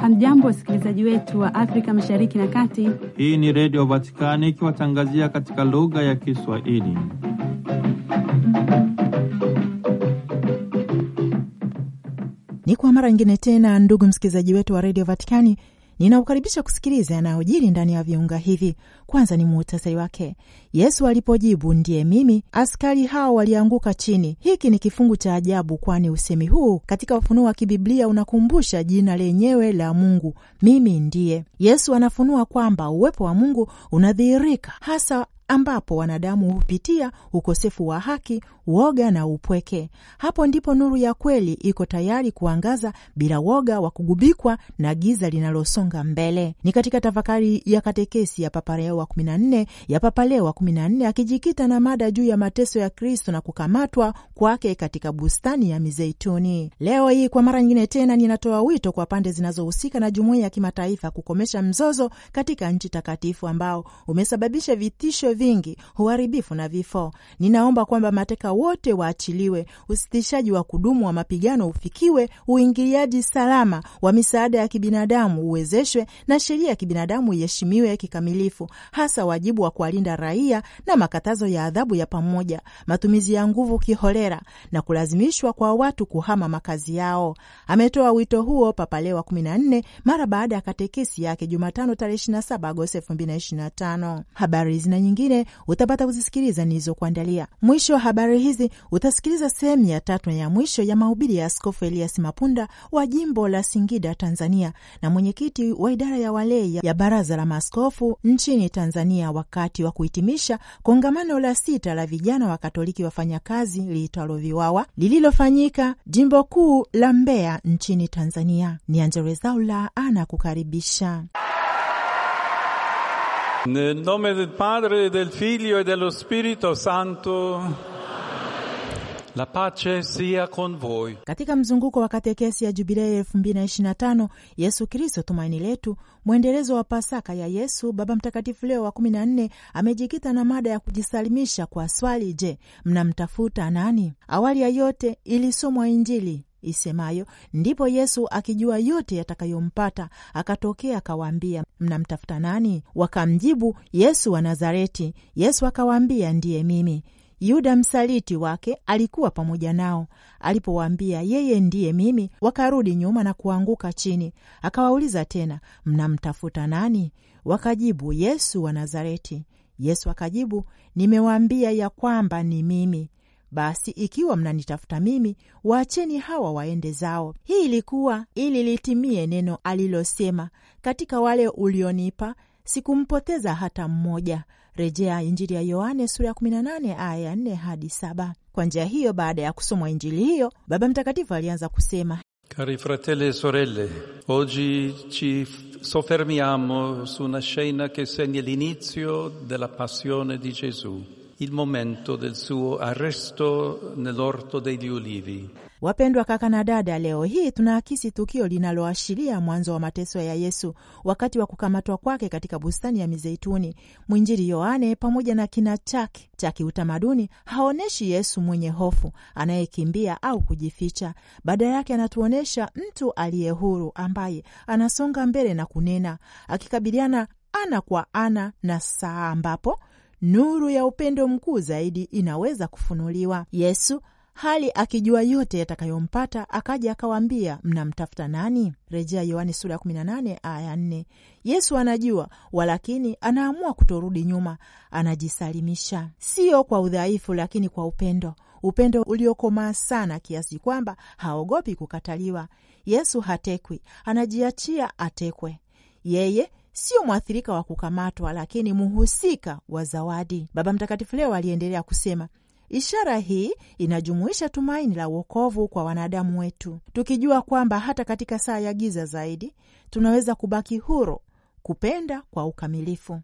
Hamjambo, wasikilizaji wetu wa Afrika Mashariki na Kati. Hii ni Redio Vatikani ikiwatangazia katika lugha ya Kiswahili. Mm-hmm. Ni kwa mara nyingine tena, ndugu msikilizaji wetu wa Redio Vatikani Ninaukaribisha kusikiliza yanayojiri ndani ya viunga hivi. Kwanza ni muhtasari wake. Yesu alipojibu ndiye mimi, askari hao walianguka chini. Hiki ni kifungu cha ajabu, kwani usemi huu katika ufunuo wa kibiblia unakumbusha jina lenyewe la Mungu, mimi ndiye. Yesu anafunua kwamba uwepo wa Mungu unadhihirika hasa ambapo wanadamu hupitia ukosefu wa haki, woga na upweke. Hapo ndipo nuru ya kweli iko tayari kuangaza bila woga wa kugubikwa na giza linalosonga mbele. Ni katika tafakari ya katekesi ya Papa Leo wa 14 ya Papa Leo wa 14 akijikita na mada juu ya mateso ya Kristo na kukamatwa kwake katika bustani ya Mizeituni. Leo hii kwa mara nyingine tena ninatoa wito kwa pande zinazohusika na jumuiya ya kimataifa kukomesha mzozo katika nchi takatifu ambao umesababisha vitisho vingi, uharibifu na vifo. Ninaomba kwamba mateka wote waachiliwe, usitishaji wa kudumu wa mapigano ufikiwe, uingiliaji salama wa misaada ya kibinadamu uwezeshwe, na sheria ya kibinadamu iheshimiwe kikamilifu, hasa wajibu wa kuwalinda raia na makatazo ya adhabu ya pamoja, matumizi ya nguvu kiholera na kulazimishwa kwa watu kuhama makazi yao. Ametoa wito huo Papa Leo wa 14 mara baada ya katekesi yake Jumatano tarehe 27 Agosti 2025. Habari zina nyingine utapata kuzisikiliza nilizokuandalia. Mwisho habari hizi utasikiliza sehemu ya tatu ya mwisho ya mahubiri ya Askofu Elias Mapunda wa jimbo la Singida, Tanzania, na mwenyekiti wa idara ya walei ya Baraza la Maaskofu nchini Tanzania, wakati wa kuhitimisha kongamano la sita la vijana wa Katoliki wafanyakazi liitwalo VIWAWA lililofanyika jimbo kuu la Mbeya nchini Tanzania. Ni Angela Rwezaula anakukaribisha. Nel nome del Padre, del Figlio e dello Spirito Santo. La pace sia con voi. Katika mzunguko wa katekesi ya Jubilei 2025 Yesu Kristo tumaini letu, mwendelezo wa Pasaka ya Yesu, Baba Mtakatifu Leo wa 14 amejikita na mada ya kujisalimisha kwa swali, je, mnamtafuta nani? Awali ya yote ilisomwa Injili isemayo ndipo Yesu akijua yote yatakayompata akatokea akawaambia, mnamtafuta nani? Wakamjibu, Yesu wa Nazareti. Yesu akawaambia, ndiye mimi. Yuda msaliti wake alikuwa pamoja nao. Alipowaambia yeye ndiye mimi, wakarudi nyuma na kuanguka chini. Akawauliza tena, mnamtafuta nani? Wakajibu, Yesu wa Nazareti. Yesu akajibu, nimewaambia ya kwamba ni mimi. Basi ikiwa mnanitafuta mimi, waacheni hawa waende zao. Hii ilikuwa ili litimie neno alilosema, katika wale ulionipa sikumpoteza hata mmoja. Rejea Injili ya Yohane sura ya 18 aya ya 4 hadi 7. Kwa njia hiyo, baada ya kusomwa injili hiyo, Baba Mtakatifu alianza kusema: Cari fratelli e sorelle, oggi ci soffermiamo su una scena che segna l'inizio della passione di Gesù il momento del suo arresto nell'orto degli ulivi. Wapendwa kaka na dada, leo hii tunaakisi tukio linaloashiria mwanzo wa mateso ya Yesu wakati wa kukamatwa kwake katika bustani ya Mizeituni. Mwinjili Yohane pamoja na kina chake cha kiutamaduni haoneshi Yesu mwenye hofu anayekimbia au kujificha. Badala yake, anatuonyesha mtu aliye huru ambaye anasonga mbele na kunena, akikabiliana ana kwa ana na saa ambapo nuru ya upendo mkuu zaidi inaweza kufunuliwa. Yesu hali akijua yote yatakayompata akaja akawaambia, mnamtafuta nani? Rejea Yohani sura ya 18 aya 4. Yesu anajua, walakini anaamua kutorudi nyuma, anajisalimisha, sio kwa udhaifu, lakini kwa upendo, upendo uliokomaa sana kiasi kwamba haogopi kukataliwa. Yesu hatekwi, anajiachia atekwe. Yeye sio mwathirika wa kukamatwa, lakini mhusika wa zawadi. Baba Mtakatifu leo aliendelea kusema, ishara hii inajumuisha tumaini la uokovu kwa wanadamu wetu, tukijua kwamba hata katika saa ya giza zaidi tunaweza kubaki huru kupenda kwa ukamilifu.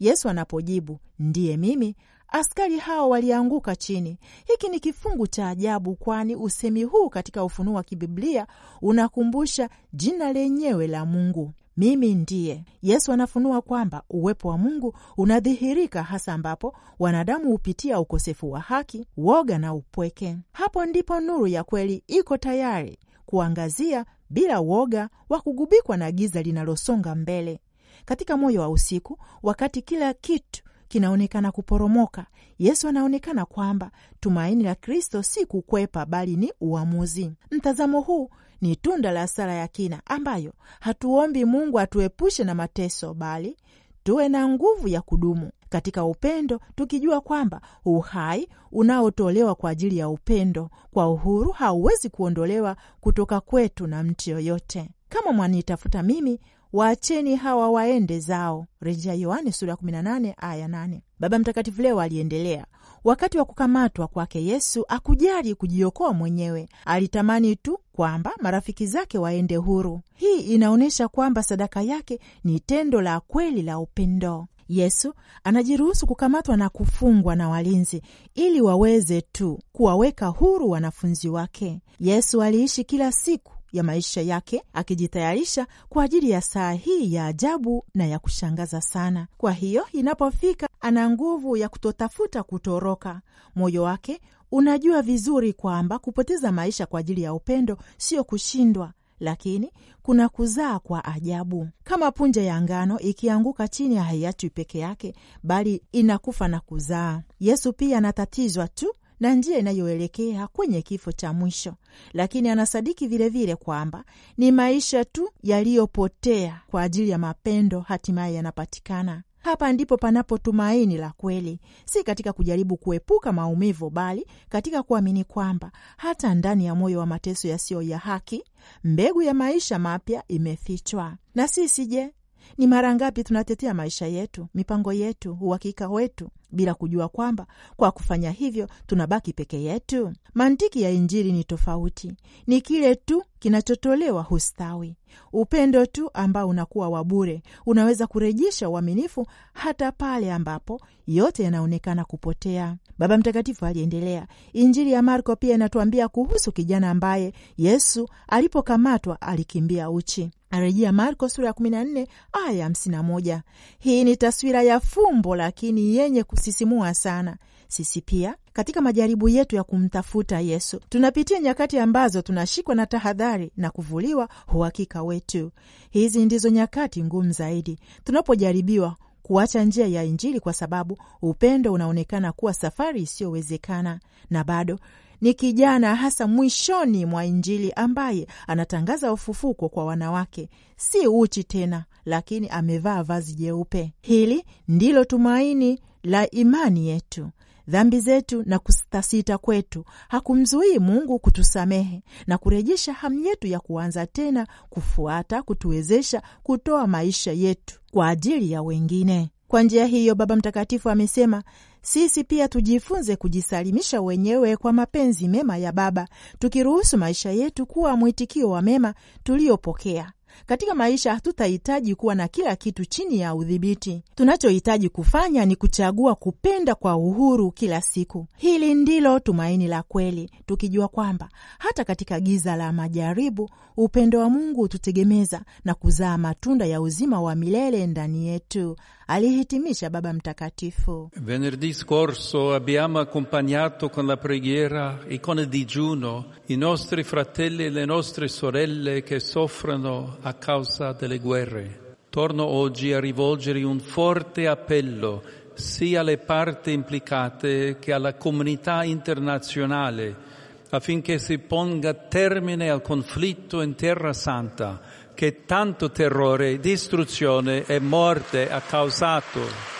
Yesu anapojibu ndiye mimi, askari hao walianguka chini. Hiki ni kifungu cha ajabu, kwani usemi huu katika ufunuo wa kibiblia unakumbusha jina lenyewe la Mungu mimi ndiye. Yesu anafunua kwamba uwepo wa Mungu unadhihirika hasa ambapo wanadamu hupitia ukosefu wa haki, woga na upweke. Hapo ndipo nuru ya kweli iko tayari kuangazia bila woga wa kugubikwa na giza linalosonga mbele. Katika moyo wa usiku, wakati kila kitu kinaonekana kuporomoka, Yesu anaonekana kwamba tumaini la Kristo si kukwepa, bali ni uamuzi. Mtazamo huu ni tunda la sala ya kina ambayo hatuombi Mungu atuepushe na mateso, bali tuwe na nguvu ya kudumu katika upendo, tukijua kwamba uhai unaotolewa kwa ajili ya upendo kwa uhuru hauwezi kuondolewa kutoka kwetu na mtu yoyote. Kama mwanitafuta mimi, waacheni hawa waende zao, rejea Yohane sura 18 aya 8. Baba Mtakatifu leo aliendelea Wakati wa kukamatwa kwake Yesu akujali kujiokoa mwenyewe, alitamani tu kwamba marafiki zake waende huru. Hii inaonyesha kwamba sadaka yake ni tendo la kweli la upendo. Yesu anajiruhusu kukamatwa na kufungwa na walinzi ili waweze tu kuwaweka huru wanafunzi wake. Yesu aliishi kila siku ya maisha yake akijitayarisha kwa ajili ya saa hii ya ajabu na ya kushangaza sana. Kwa hiyo inapofika, ana nguvu ya kutotafuta kutoroka. Moyo wake unajua vizuri kwamba kupoteza maisha kwa ajili ya upendo sio kushindwa, lakini kuna kuzaa kwa ajabu. Kama punje ya ngano ikianguka chini, haiachwi peke yake, bali inakufa na kuzaa. Yesu pia anatatizwa tu na njia inayoelekea kwenye kifo cha mwisho, lakini anasadiki vilevile kwamba ni maisha tu yaliyopotea kwa ajili ya mapendo hatimaye yanapatikana. Hapa ndipo panapo tumaini la kweli, si katika kujaribu kuepuka maumivu, bali katika kuamini kwamba hata ndani ya moyo wa mateso yasiyo ya haki mbegu ya maisha mapya imefichwa. Na sisi je, ni mara ngapi tunatetea maisha yetu, mipango yetu, uhakika wetu, bila kujua kwamba kwa kufanya hivyo tunabaki peke yetu. Mantiki ya Injili ni tofauti, ni kile tu kinachotolewa hustawi. Upendo tu ambao unakuwa wa bure unaweza kurejesha uaminifu hata pale ambapo yote yanaonekana kupotea. Baba Mtakatifu aliendelea. Injili ya Marko pia inatuambia kuhusu kijana ambaye Yesu alipokamatwa alikimbia uchi. Arejea Marko sura ya 14 aya 51. Hii ni taswira ya fumbo lakini yenye kusisimua sana. Sisi pia katika majaribu yetu ya kumtafuta Yesu tunapitia nyakati ambazo tunashikwa na tahadhari na kuvuliwa uhakika wetu. Hizi ndizo nyakati ngumu zaidi tunapojaribiwa kuacha njia ya Injili kwa sababu upendo unaonekana kuwa safari isiyowezekana, na bado ni kijana hasa mwishoni mwa Injili ambaye anatangaza ufufuko kwa wanawake, si uchi tena, lakini amevaa vazi jeupe. Hili ndilo tumaini la imani yetu dhambi zetu na kusitasita kwetu hakumzuii Mungu kutusamehe na kurejesha hamu yetu ya kuanza tena kufuata, kutuwezesha kutoa maisha yetu kwa ajili ya wengine. Kwa njia hiyo, Baba Mtakatifu amesema sisi pia tujifunze kujisalimisha wenyewe kwa mapenzi mema ya Baba, tukiruhusu maisha yetu kuwa mwitikio wa mema tuliyopokea katika maisha hatutahitaji kuwa na kila kitu chini ya udhibiti. Tunachohitaji kufanya ni kuchagua kupenda kwa uhuru kila siku. Hili ndilo tumaini la kweli, tukijua kwamba hata katika giza la majaribu upendo wa Mungu hututegemeza na kuzaa matunda ya uzima wa milele ndani yetu, alihitimisha Baba Mtakatifu. venerdi scorso abbiamo accompagnato con la preghiera e con il digiuno i nostri fratelli e le nostre sorelle che soffrono a causa delle guerre. Torno oggi a rivolgere un forte appello sia alle parti implicate che alla comunità internazionale affinché si ponga termine al conflitto in Terra Santa che tanto terrore, distruzione e morte ha causato.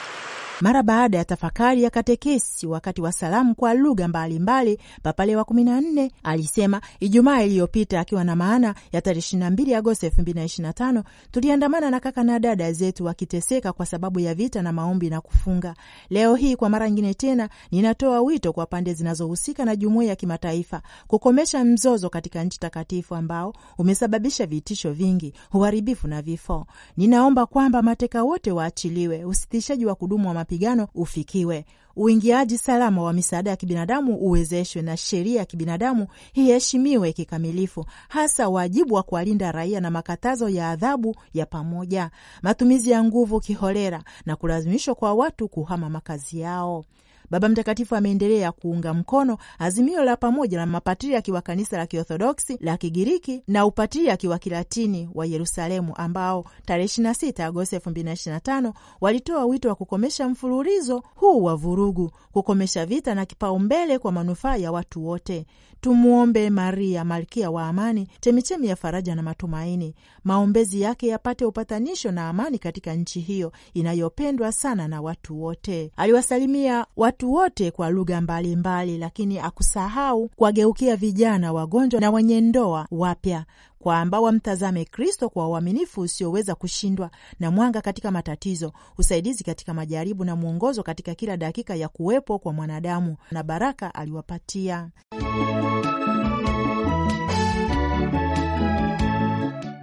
Mara baada ya tafakari ya katekesi wakati wa salamu kwa lugha mbalimbali, Papa Leo wa kumi na nne alisema Ijumaa iliyopita, akiwa na maana ya tarehe ishirini na mbili Agosti elfu mbili na ishirini na tano tuliandamana na kaka na dada zetu wakiteseka kwa sababu ya vita na maombi na kufunga. Leo hii kwa mara nyingine tena ninatoa wito kwa pande zinazohusika na jumuiya ya kimataifa kukomesha mzozo katika nchi takatifu ambao umesababisha vitisho vingi, uharibifu na vifo. Ninaomba kwamba mateka wote waachiliwe, usitishaji wa kudumu wa mapigano ufikiwe, uingiaji salama wa misaada ya kibinadamu uwezeshwe, na sheria ya kibinadamu iheshimiwe kikamilifu, hasa wajibu wa kuwalinda raia na makatazo ya adhabu ya pamoja, matumizi ya nguvu kiholera na kulazimishwa kwa watu kuhama makazi yao. Baba Mtakatifu ameendelea kuunga mkono azimio la pamoja la mapatriaki wa kanisa la Kiorthodoksi la Kigiriki na upatriaki wa Kilatini wa Yerusalemu ambao tarehe 26 Agosti 2025 walitoa wito wa kukomesha mfululizo huu wa vurugu, kukomesha vita na kipaumbele kwa manufaa ya watu wote. Tumwombe Maria malkia wa amani, chemichemi ya faraja na matumaini, maombezi yake yapate upatanisho na amani katika nchi hiyo inayopendwa sana na watu wote. Aliwasalimia watu watu wote kwa lugha mbalimbali, lakini akusahau kuwageukia vijana wagonjwa na wenye ndoa wapya kwamba wamtazame Kristo kwa uaminifu usioweza kushindwa, na mwanga katika matatizo, usaidizi katika majaribu, na mwongozo katika kila dakika ya kuwepo kwa mwanadamu, na baraka aliwapatia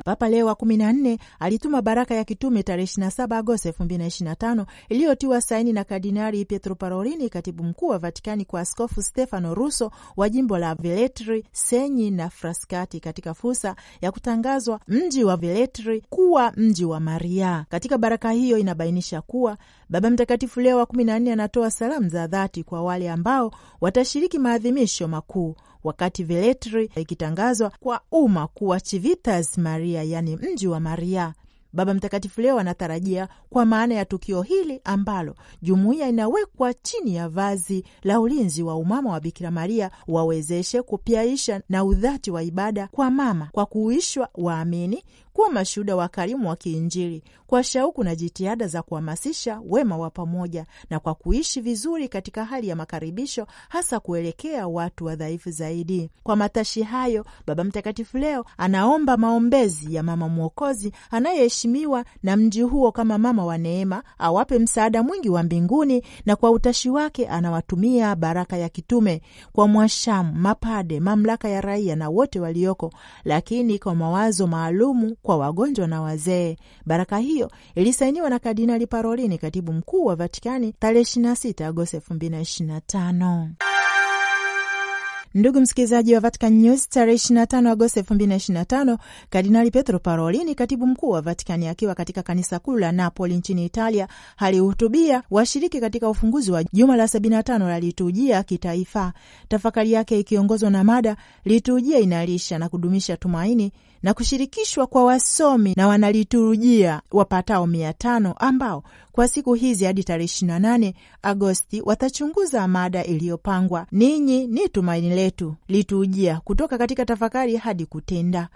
Papa Leo wa kumi na nne alituma baraka ya kitume tarehe 27 Agosti 2025 iliyotiwa saini na Kardinali Pietro Parolini, katibu mkuu wa Vatikani, kwa Askofu Stefano Russo wa jimbo la Veletri, Senyi na Frascati, katika fursa ya kutangazwa mji wa Veletri kuwa mji wa Maria. Katika baraka hiyo inabainisha kuwa Baba Mtakatifu Leo wa kumi na nne anatoa salamu za dhati kwa wale ambao watashiriki maadhimisho makuu wakati veletri ikitangazwa kwa umma kuwa Civitas Maria, yaani mji wa Maria. Baba Mtakatifu leo anatarajia kwa maana ya tukio hili ambalo jumuiya inawekwa chini ya vazi la ulinzi wa umama wa Bikira Maria, wawezeshe kupyaisha na udhati wa ibada kwa mama kwa kuishwa waamini kuwa mashuhuda wa karimu wa kiinjili kwa shauku na jitihada za kuhamasisha wema wa pamoja na kwa kuishi vizuri katika hali ya makaribisho, hasa kuelekea watu wadhaifu zaidi. Kwa matashi hayo, Baba Mtakatifu leo anaomba maombezi ya Mama Mwokozi anayeishi ataheshimiwa na mji huo kama mama wa neema, awape msaada mwingi wa mbinguni, na kwa utashi wake anawatumia baraka ya kitume kwa mwashamu, mapade, mamlaka ya raia na wote walioko, lakini kwa mawazo maalumu kwa wagonjwa na wazee. Baraka hiyo ilisainiwa na Kardinali Parolini, katibu mkuu wa Vatikani, tarehe 26 Agosti 2025. Ndugu msikilizaji wa Vatican News, tarehe 25 Agosti 2025, Kardinali petro Parolini, katibu mkuu wa Vatikani, akiwa katika kanisa kuu la Napoli nchini Italia, alihutubia washiriki katika ufunguzi wa juma la 75 la liturujia kitaifa, tafakari yake ikiongozwa na mada liturujia inalisha na kudumisha tumaini na kushirikishwa kwa wasomi na wanaliturujia wapatao mia tano ambao kwa siku hizi hadi tarehe 28 Agosti watachunguza mada iliyopangwa ninyi ni tumaini letu liturujia, kutoka katika tafakari hadi kutenda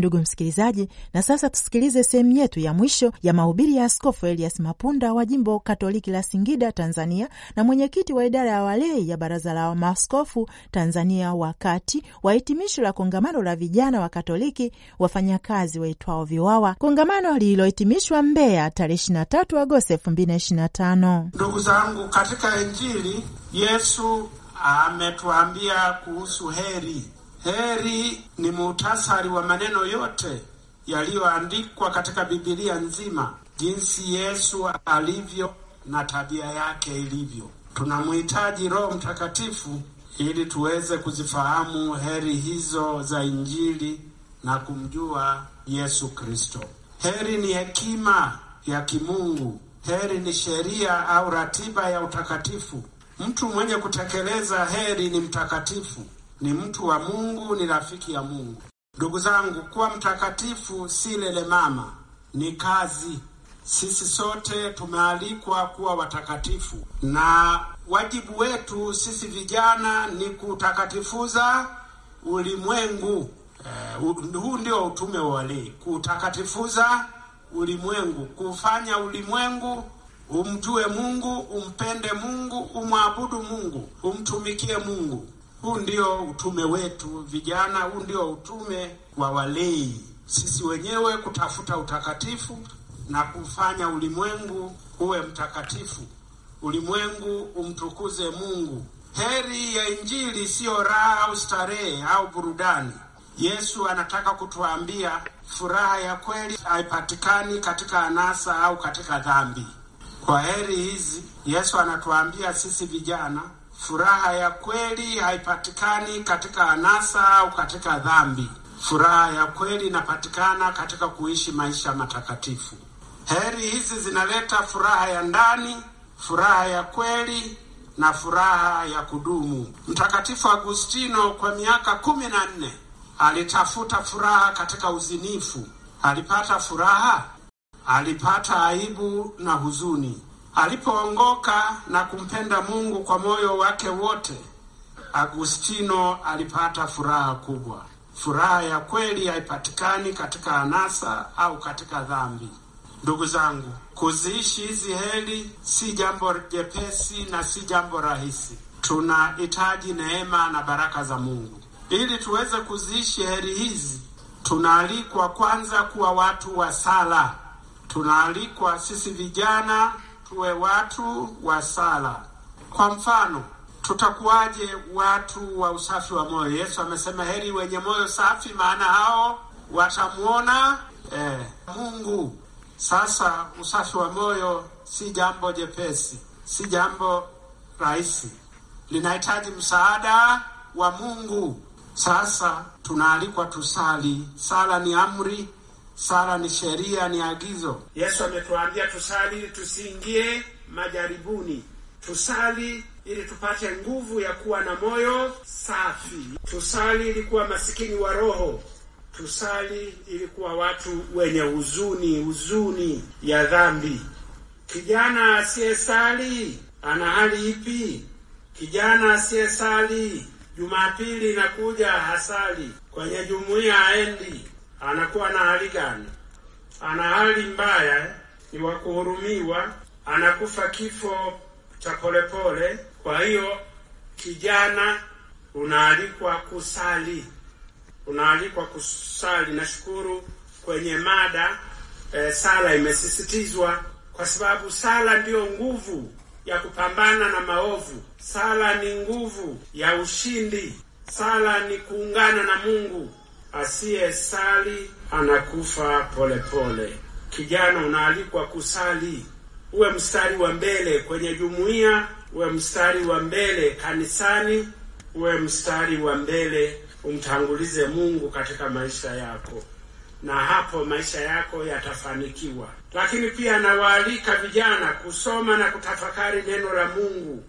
Ndugu msikilizaji, na sasa tusikilize sehemu yetu ya mwisho ya mahubiri ya Askofu Elias Mapunda wa jimbo Katoliki la Singida, Tanzania, na mwenyekiti wa idara ya walei ya Baraza la Maaskofu Tanzania wakati wa hitimisho la kongamano la vijana wa Katoliki wafanyakazi waitwao VIWAWA, kongamano lililohitimishwa Mbeya tarehe 23 Agosti 2025. Ndugu zangu, katika Injili Yesu ametuambia kuhusu heri Heri ni muhtasari wa maneno yote yaliyoandikwa katika Biblia nzima, jinsi Yesu alivyo na tabia yake ilivyo. Tunamhitaji Roho Mtakatifu ili tuweze kuzifahamu heri hizo za Injili na kumjua Yesu Kristo. Heri ni hekima ya kimungu, heri ni sheria au ratiba ya utakatifu. Mtu mwenye kutekeleza heri ni mtakatifu ni mtu wa Mungu, ni rafiki ya Mungu. Ndugu zangu, kuwa mtakatifu si lele mama, ni kazi. Sisi sote tumealikwa kuwa watakatifu, na wajibu wetu sisi vijana ni kutakatifuza ulimwengu. Uh, huu ndio utume wa walei, kutakatifuza ulimwengu, kufanya ulimwengu umjue Mungu, umpende Mungu, umwabudu Mungu, umtumikie Mungu. Huu ndio utume wetu vijana, huu ndio utume wa walei, sisi wenyewe kutafuta utakatifu na kufanya ulimwengu uwe mtakatifu, ulimwengu umtukuze Mungu. Heri ya Injili siyo raha au starehe au burudani. Yesu anataka kutuambia furaha ya kweli haipatikani katika anasa au katika dhambi. Kwa heri hizi Yesu anatuambia sisi vijana Furaha ya kweli haipatikani katika anasa au katika dhambi. Furaha ya kweli inapatikana katika kuishi maisha matakatifu. Heri hizi zinaleta furaha ya ndani, furaha ya kweli na furaha ya kudumu. Mtakatifu Agustino kwa miaka kumi na nne alitafuta furaha katika uzinifu. Alipata furaha? Alipata aibu na huzuni. Alipoongoka na kumpenda Mungu kwa moyo wake wote, Agustino alipata furaha kubwa. Furaha ya kweli haipatikani katika anasa au katika dhambi. Ndugu zangu, kuziishi hizi heri si jambo jepesi na si jambo rahisi. Tunahitaji neema na baraka za Mungu ili tuweze kuziishi heri hizi. Tunaalikwa kwanza kuwa watu wa sala. Tunaalikwa sisi vijana tuwe watu wa sala. Kwa mfano, tutakuwaje watu wa usafi wa moyo? Yesu amesema heri wenye moyo safi, maana hao watamwona eh, Mungu. Sasa usafi wa moyo si jambo jepesi, si jambo rahisi, linahitaji msaada wa Mungu. Sasa tunaalikwa tusali. Sala ni amri Sala ni sheria, ni agizo. Yesu ametuambia tusali ili tusiingie majaribuni, tusali ili tupate nguvu ya kuwa na moyo safi, tusali ili kuwa masikini wa roho, tusali ili kuwa watu wenye huzuni, huzuni ya dhambi. Kijana asiyesali ana hali ipi? Kijana asiyesali Jumapili inakuja hasali, kwenye jumuiya aendi anakuwa na hali gani? Ana hali mbaya, ni wa kuhurumiwa, anakufa kifo cha polepole. Kwa hiyo kijana, unaalikwa kusali, unaalikwa kusali. Nashukuru kwenye mada e, sala imesisitizwa kwa sababu sala ndiyo nguvu ya kupambana na maovu. Sala ni nguvu ya ushindi. Sala ni kuungana na Mungu asiye sali anakufa polepole pole. Kijana unaalikwa kusali, uwe mstari wa mbele kwenye jumuiya, uwe mstari wa mbele kanisani, uwe mstari wa mbele, umtangulize Mungu katika maisha yako, na hapo maisha yako yatafanikiwa. Lakini pia nawaalika vijana kusoma na kutafakari neno la Mungu.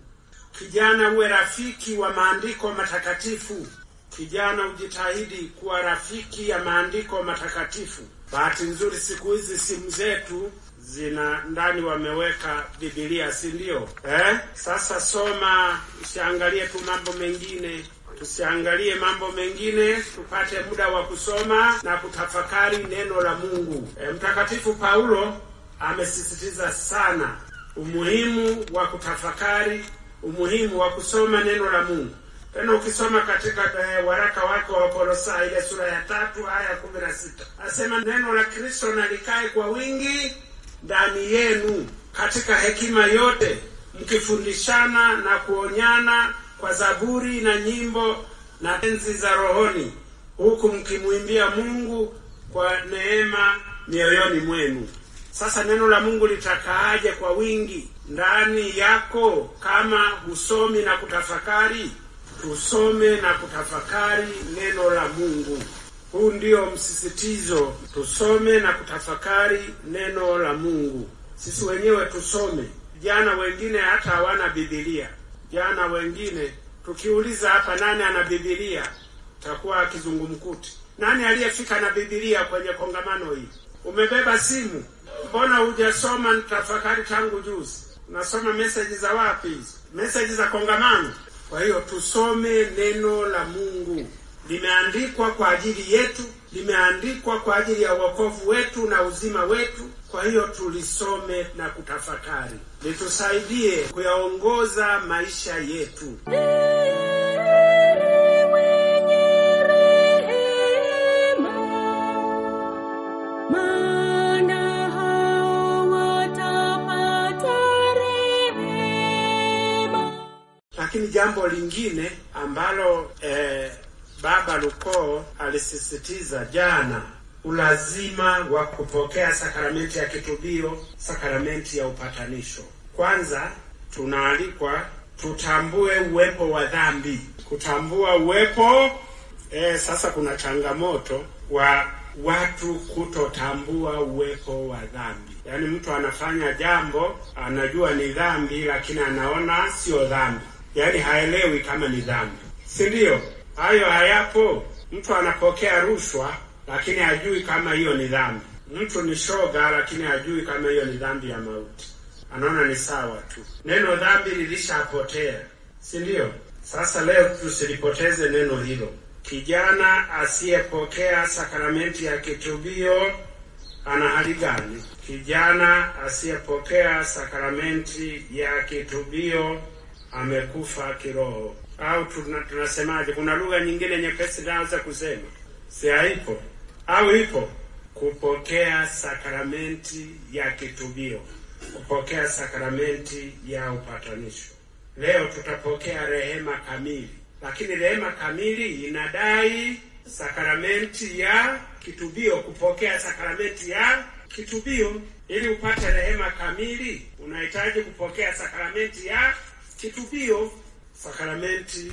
Kijana, uwe rafiki wa maandiko matakatifu. Kijana ujitahidi kuwa rafiki ya maandiko matakatifu. Bahati nzuri, siku hizi simu zetu zina ndani wameweka bibilia si ndio? Eh, sasa soma, usiangalie tu mambo mengine tusiangalie mambo mengine, tupate muda wa kusoma na kutafakari neno la Mungu. E, Mtakatifu Paulo amesisitiza sana umuhimu wa kutafakari, umuhimu wa kusoma neno la Mungu. Tena ukisoma katika eh, waraka wake wa Kolosai ile sura ya tatu aya ya kumi na sita asema neno la Kristo nalikae kwa wingi ndani yenu katika hekima yote, mkifundishana na kuonyana kwa zaburi na nyimbo na enzi za rohoni, huku mkimwimbia Mungu kwa neema mioyoni mwenu. Sasa neno la Mungu litakaaje kwa wingi ndani yako kama husomi na kutafakari? tusome na kutafakari neno la Mungu. Huu ndio msisitizo, tusome na kutafakari neno la Mungu. Sisi wenyewe tusome. Vijana wengine hata hawana Biblia. Vijana wengine tukiuliza hapa, nani ana Biblia, takuwa kizungumkuti. Nani aliyefika na Biblia kwenye kongamano hii? Umebeba simu, mbona hujasoma nitafakari tangu juzi? Unasoma meseji za wapi hizo? Meseji za kongamano? Kwa hiyo tusome neno la Mungu, limeandikwa kwa ajili yetu, limeandikwa kwa ajili ya wokovu wetu na uzima wetu. Kwa hiyo tulisome na kutafakari, litusaidie kuyaongoza maisha yetu. jambo lingine ambalo eh, Baba Lukoo alisisitiza jana, ulazima wa kupokea sakramenti ya kitubio, sakramenti ya upatanisho. Kwanza tunaalikwa tutambue uwepo wa dhambi, kutambua uwepo eh, sasa kuna changamoto wa watu kutotambua uwepo wa dhambi. Yaani mtu anafanya jambo anajua ni dhambi, lakini anaona sio dhambi yaani haelewi kama ni dhambi, si ndio? Hayo hayapo. Mtu anapokea rushwa lakini hajui kama hiyo ni dhambi. Mtu ni shoga lakini hajui kama hiyo ni dhambi ya mauti, anaona ni sawa tu. Neno dhambi lilishapotea, si ndio? Sasa leo tusilipoteze neno hilo. Kijana asiyepokea sakramenti ya kitubio ana hali gani? Kijana asiyepokea sakramenti ya kitubio amekufa kiroho, au tunasemaje? Kuna lugha nyingine nyepesi naweza kusema, si haipo au ipo? Kupokea sakramenti ya kitubio, kupokea sakramenti ya upatanisho. Leo tutapokea rehema kamili, lakini rehema kamili inadai sakramenti ya kitubio, kupokea sakramenti ya kitubio. Ili upate rehema kamili, unahitaji kupokea sakramenti ya hiyo sakramenti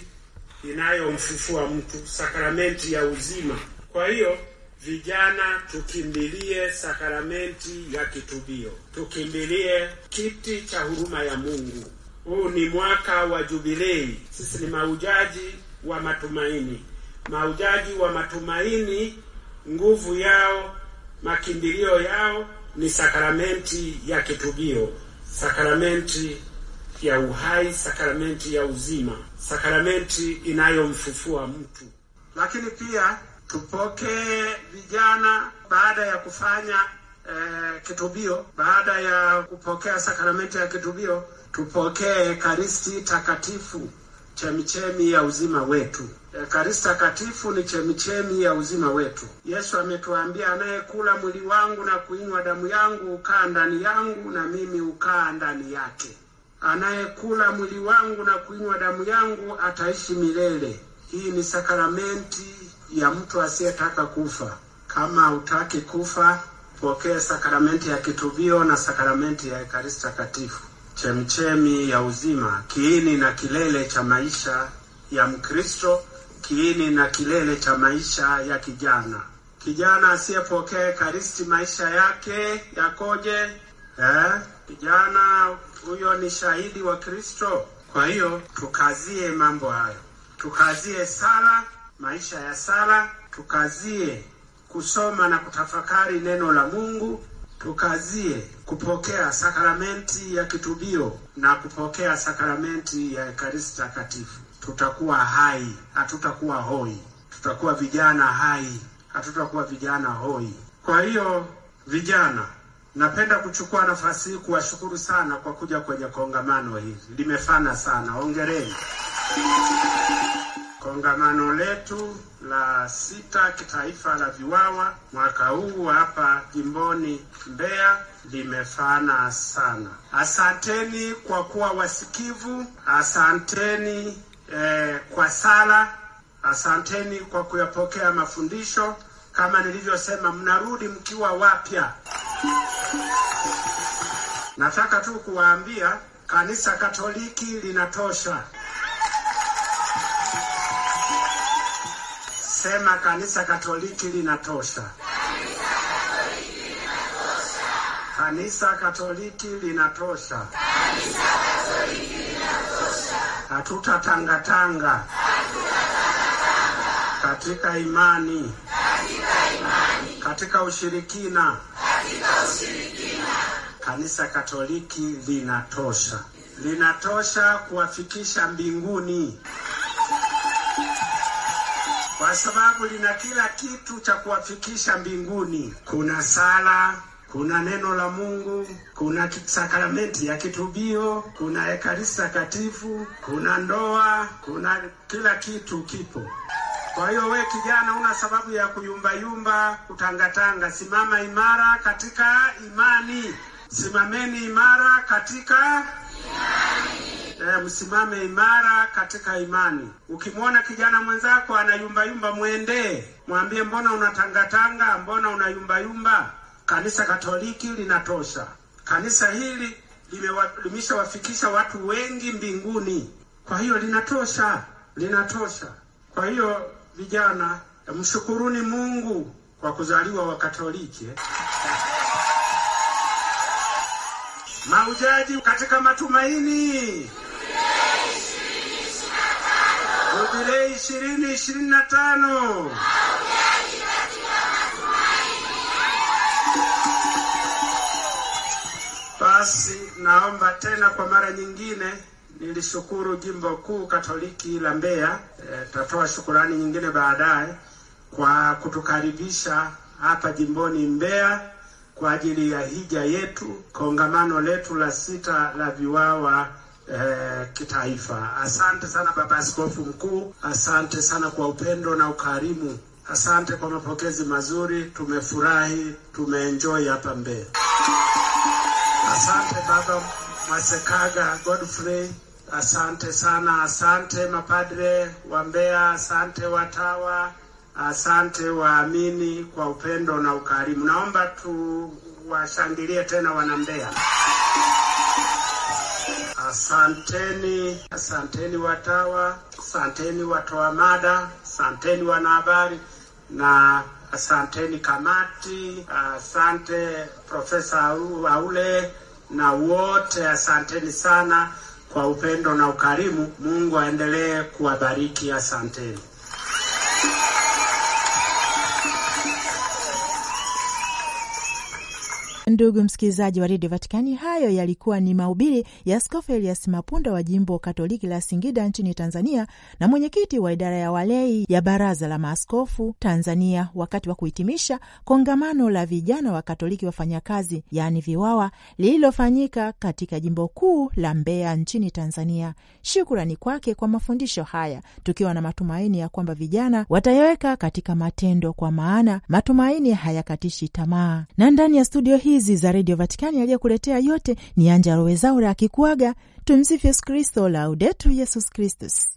inayomfufua mtu, sakramenti ya uzima. Kwa hiyo vijana, tukimbilie sakramenti ya kitubio, tukimbilie kiti cha huruma ya Mungu. Huu ni mwaka wa jubilei, sisi ni maujaji wa matumaini. Maujaji wa matumaini, nguvu yao, makimbilio yao ni sakramenti ya kitubio, sakramenti ya uhai, sakramenti ya uzima, sakramenti inayomfufua mtu. Lakini pia tupokee vijana baada ya kufanya eh, kitubio, baada ya kupokea sakramenti ya kitubio, tupokee ekaristi takatifu, chemichemi ya uzima wetu. Ekaristi takatifu ni chemichemi ya uzima wetu. Yesu ametuambia, anayekula mwili wangu na kuinywa damu yangu ukaa ndani yangu na mimi ukaa ndani yake anayekula mwili wangu na kuinywa damu yangu ataishi milele. Hii ni sakramenti ya mtu asiyetaka kufa. Kama hutaki kufa, pokea sakramenti ya kitubio na sakramenti ya Ekaristi Takatifu, chemchemi ya uzima, kiini na kilele cha maisha ya Mkristo, kiini na kilele cha maisha ya kijana. Kijana asiyepokea Ekaristi maisha yake yakoje? Eh, kijana huyo ni shahidi wa Kristo. Kwa hiyo tukazie mambo hayo, tukazie sala, maisha ya sala, tukazie kusoma na kutafakari neno la Mungu, tukazie kupokea sakramenti ya kitubio na kupokea sakramenti ya Ekaristi Takatifu. Tutakuwa hai, hatutakuwa hoi. Tutakuwa vijana hai, hatutakuwa vijana hoi. Kwa hiyo vijana Napenda kuchukua nafasi hii kuwashukuru sana kwa kuja kwenye kongamano hili, limefana sana. Hongereni. Kongamano letu la sita kitaifa la VIWAWA mwaka huu hapa jimboni Mbeya limefana sana. Asanteni kwa kuwa wasikivu, asanteni eh, kwa sala, asanteni kwa kuyapokea mafundisho. Kama nilivyosema, mnarudi mkiwa wapya. Nataka tu kuwaambia kanisa Katoliki linatosha. Sema kanisa Katoliki linatosha. Kanisa Katoliki linatosha. Hatutatangatanga katika imani, katika ushirikina Kanisa Katoliki linatosha, linatosha kuwafikisha mbinguni, kwa sababu lina kila kitu cha kuwafikisha mbinguni. Kuna sala, kuna neno la Mungu, kuna sakramenti ya kitubio, kuna ekaristi takatifu, kuna ndoa, kuna kila kitu kipo. Kwa hiyo we kijana, una sababu ya kuyumbayumba, kutangatanga. Simama imara katika imani. Simameni imara katika E, msimame imara katika imani. Ukimwona kijana mwenzako anayumbayumba, mwendee mwambie, mbona unatangatanga, mbona unayumbayumba? Kanisa Katoliki linatosha. Kanisa hili limeshawafikisha watu wengi mbinguni, kwa hiyo linatosha, linatosha. Kwa hiyo vijana, mshukuruni Mungu kwa kuzaliwa Wakatoliki. Eh. Maujaji katika matumaini Jubilei ishirini ishirini na tano. Basi naomba tena kwa mara nyingine, nilishukuru jimbo kuu Katoliki la Mbeya, E, tatoa shukurani nyingine baadaye kwa kutukaribisha hapa jimboni Mbeya kwa ajili ya hija yetu, kongamano letu la sita la VIWAWA eh, kitaifa. Asante sana Baba Askofu Mkuu, asante sana kwa upendo na ukarimu, asante kwa mapokezi mazuri. Tumefurahi, tumeenjoy hapa Mbeya. Asante Baba Mwasekaga Godfrey, asante sana, asante mapadre wa Mbeya, asante watawa Asante waamini kwa upendo na ukarimu. Naomba tuwashangilie tena wanambea. Asanteni, asanteni watawa, asanteni watoa mada, asanteni wanahabari na asanteni kamati, asante Profesa aule na wote, asanteni sana kwa upendo na ukarimu. Mungu aendelee kuwabariki, asanteni. Ndugu msikilizaji wa redio Vatikani, hayo yalikuwa ni mahubiri ya Askofu Elias Mapunda wa jimbo Katoliki la Singida nchini Tanzania na mwenyekiti wa idara ya walei ya Baraza la Maaskofu Tanzania wakati wa kuhitimisha kongamano la vijana wa Katoliki wafanyakazi, yaani VIWAWA, lililofanyika katika jimbo kuu la Mbeya nchini Tanzania. Shukrani kwake kwa mafundisho haya, tukiwa na matumaini ya kwamba vijana watayaweka katika matendo, kwa maana matumaini hayakatishi tamaa. Na ndani ya studio hizi hizi za redio Vatikani aliyekuletea yote ni Anja Rowezaura akikuaga. Tumsifu Yesu Kristo, laudetu Yesus Kristus.